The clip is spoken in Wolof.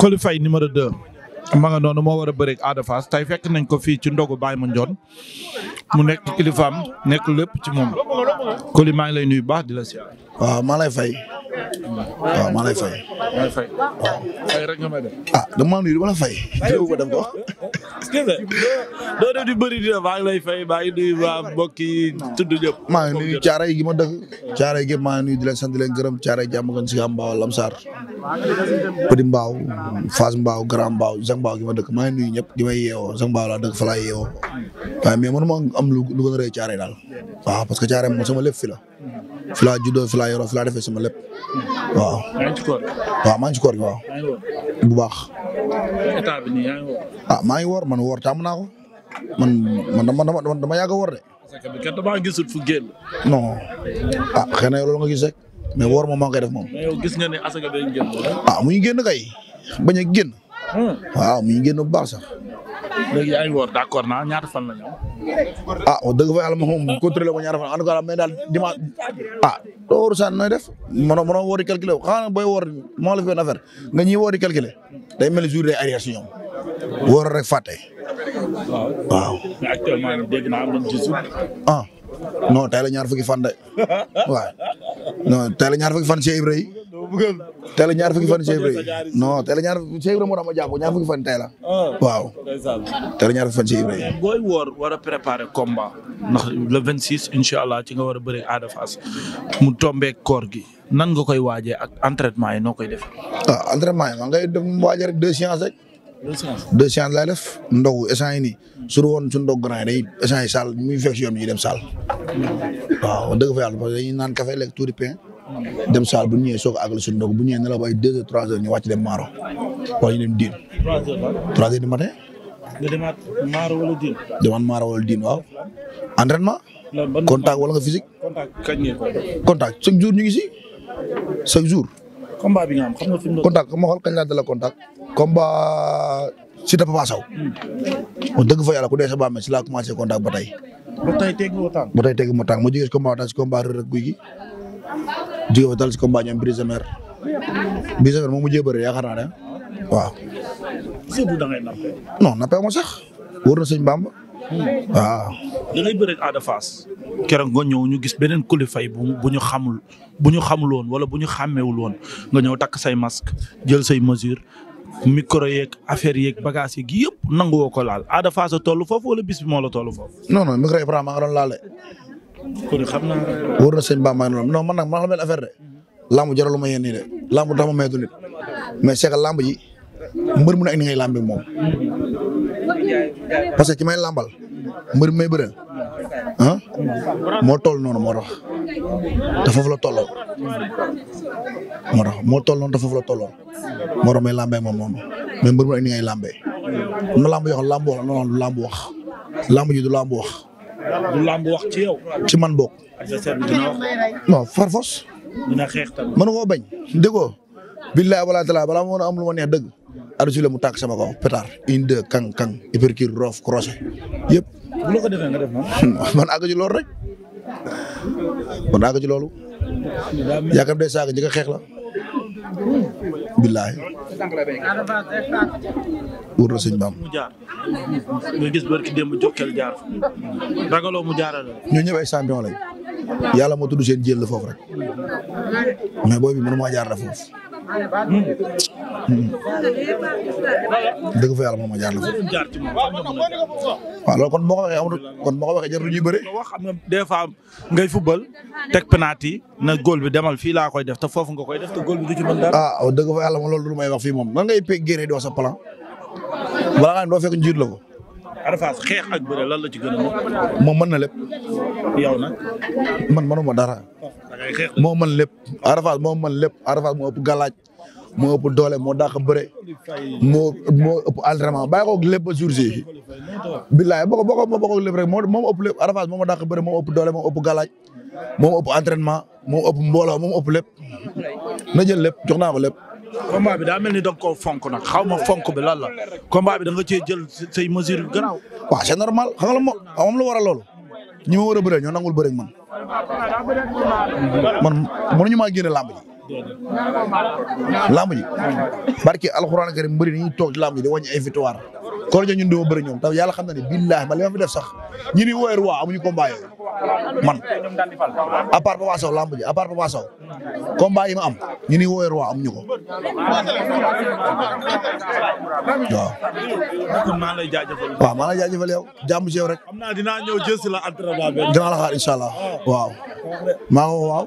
Coly fay numéro de ma nga noonu moo war a bëreeg Ada tey fekk nañ ko fii ci ndogu Baye Mandione mu nekk kilifaam nekk lépp ci moom Coly maa ngi lay nuyu baax di la si waaw maa fay waaw maa lay fay. maa lay fay waaw. fay rek nga ah, fay. jërëjëf ko di bëri dina maa ngi yi tudd maa ngi nuyu caare gi ma dëkk. caare gi nuyu di leen sant di leen gërëm caare jàmm gan si Mbaaw Lamsar. Petit Mbaaw Fass Mbaaw Grand Mbaaw Zang Mbaaw gi ma dëkk maa ngi nuyu ñëpp di may yeewoo laa dëkk fa laa yeewoo. waaye mais mënuma am daal. waaw parce que caare moom sama lépp fi laa juddoo fi laa yoroo fi laa waaw. maa ngi ci koor waaw maa ngi gi waaw. bu baax. a bi nii yaa ngi woor. ah maa ngi man woor tàmm naa ko man man dama dama dama yàgg a woor de. parce que kat damaa ah, na loolu nga gis rek mais woor mo maa ngi koy def moom. mais yow gis nga ne asaka day génn. ah kay bañ a génn. Hmm. waaw mu ngi génn baax sax. léegi d' accord naa ñaata fan la ñu am. ah dëgg fa yàlla ma xam ne contrôlé ma ñaata fan en tout cas mais daal dimanche. ah doo saan nooy def mënoo mënoo woori calculer xanaa booy woor moo la fi benn affaire nga ñiy woori calculer day mel ni jour day arrière si ñoom wóor rek fàtte. waaw mais actuellement dégg naa ah, fan de waaw non tey la ñaar fukki fan si Ibrahima. tey ñaar fukki fan Cheikh Ibrahima non tey la ñaar Cheikh Ibrahima moo tax ma jàpp ñaar fukki fan tey ah. waaw tey ñaar fukki fan Cheikh Ibrahima. booy woor war a préparer combat ndax le 26 incha allah ci nga war a bëri Ada mu tombé koor gi nan nga koy waajee ak entraînement yi noo koy def. ah entraînement yi maa ngay def mu rek deux séances rek. deux séances deux def ndogu essence yi nii su dul woon suñu ndogu grand yi day essence yi salle muy fekk hmm. fa yàlla parce que dañuy naan café lekk tuuti pain. dem saal bu ñëwee a àggal suñu ndogu bu ñëwee nelaw ba ay deux heures trois heures ñu wàcc dem Maaro wala ñu dem diin. Maaro wala diin. demaat Maaro wala diin waaw. wala nga physique. contact chaque jour ñu ngi si chaque jour. combat bi nga am xam nga ma xool kañ laa dala contact. combat Siteu Papa Sow. Hmm. wax dëgg fa yàlla ku dee sa bàmmeel si laa commencé contact ba tey. ba tey teggi ma tànk ba tey teggi guy gi. jóge fa dal si combat ñoom brise de mer brise de mer waaw. surtout da ngay ma sax wóor na sëñ Bamba. waaw. da ngay bëre Ada keroog nga ñëw ñu gis beneen kulifay bu bu ñu xamul bu ñu xamul woon wala bu ñu xàmmewul woon nga ñëw takk say masque jël say mesure micro yeeg affaire yeeg bagages yeeg yëpp nangu woo ko laal Ada Fass a toll foofu wala bis bi moo la toll foofu. non non micro yi vraiment nga doon laale kon xam naa. wóor na sëñ Bamba non man nag maa xamel affaire de. làmb ma yéen de làmb tax ma mayatu nit mais c'est que mu ne ak ni ngay moom. parce que ki may làmbal mbër mi may bëreel ah moo toll noonu moo tax te foofu la tolloo moo tax noonu te foofu la tolloo moo tax may làmbee moom noonu mais mu na làmb yoo xam làmb wax la noonu làmb wax làmb ji du làmb wax. lu wax ci yow. ci man bokk. adversaire bi dina wax. non farfos. dina xeex tamit. mën koo bañ déggoo. billaay wala talaa balaa ma mën am lu ma neex mu tàkk sama kaw pétard. une deux kang kang. hypercure roof croisé. yëpp. bu la ko defee nga def noonu. man àgg ci loolu rek. man àgg ci loolu. yaakaar day saako njëkk a xeex la. billaay. wóor na sëñ Bamba. nga gis barki démb Jokal jaar ragaloo mu jaarale. ñoo ñëw ay champion lañ. yàlla moo tudd seen jël la foofu rek. mais booy bi mënu jaar la foofu. dëgg fa yàlla moom ma jaar la fa. waaw loolu kon moo ko waxee amul kon moo ko waxee jarul ñuy bëre. xam nga des fois ngay football teg penalty na góol bi demal fii laa koy def te foofu nga koy def te góol bi du ci mën dara. ah dëgg fa yàlla moom loolu lu may wax fii moom nan ngay pegg génne di wax sa plan balaa nga doo fekk njiit la ko. xeex ak bëre la ci gën a moom mën na lépp. yow nag. man mënuma dara. moo mën lépp Ada Fass moo mën lépp Ada Fass moo ëpp galaaj moo ëpp doole moo dàq bëre moo moo ëpp entraînement bàyyi ko lépp ba jour ji billaay boo ko boo ko moo bokk lépp rek moo moo ëpp lépp Ada Fass moo ma dàq bëre moo ëpp doole moo ëpp galaaj moo ëpp entraînement moo ëpp mbooloo moo ëpp lépp na jël lépp jox naa ko lépp. combat bi daa mel ni da nga koo fonk nag xaw ma fonk bi lan la combat bi da nga cee jël say mesures yu garaaw. waaw c'est normal xam nga la moom la war a loolu ñi ma war a bëree ñoo nangul bëri man. man mënuñu maa génne làmb ji. làmb ji barki alxuraan karim mbëri ni ñuy toog ci làmb ji di kon ñun du ma bëri ñoom taw xam na ne billaahi man li ma fi def sax ñi ni wooyee roi ñu combat yooyu man à part Papa Sow lamb ji à ma am ñi ni wooyee roi amuñu ko waaw. maa lay jaajëfal. waaw maa lay jaajëfal yow jàmm rek. xam naa dinaa ñëw jël xaar incha waaw. maa ngi waaw.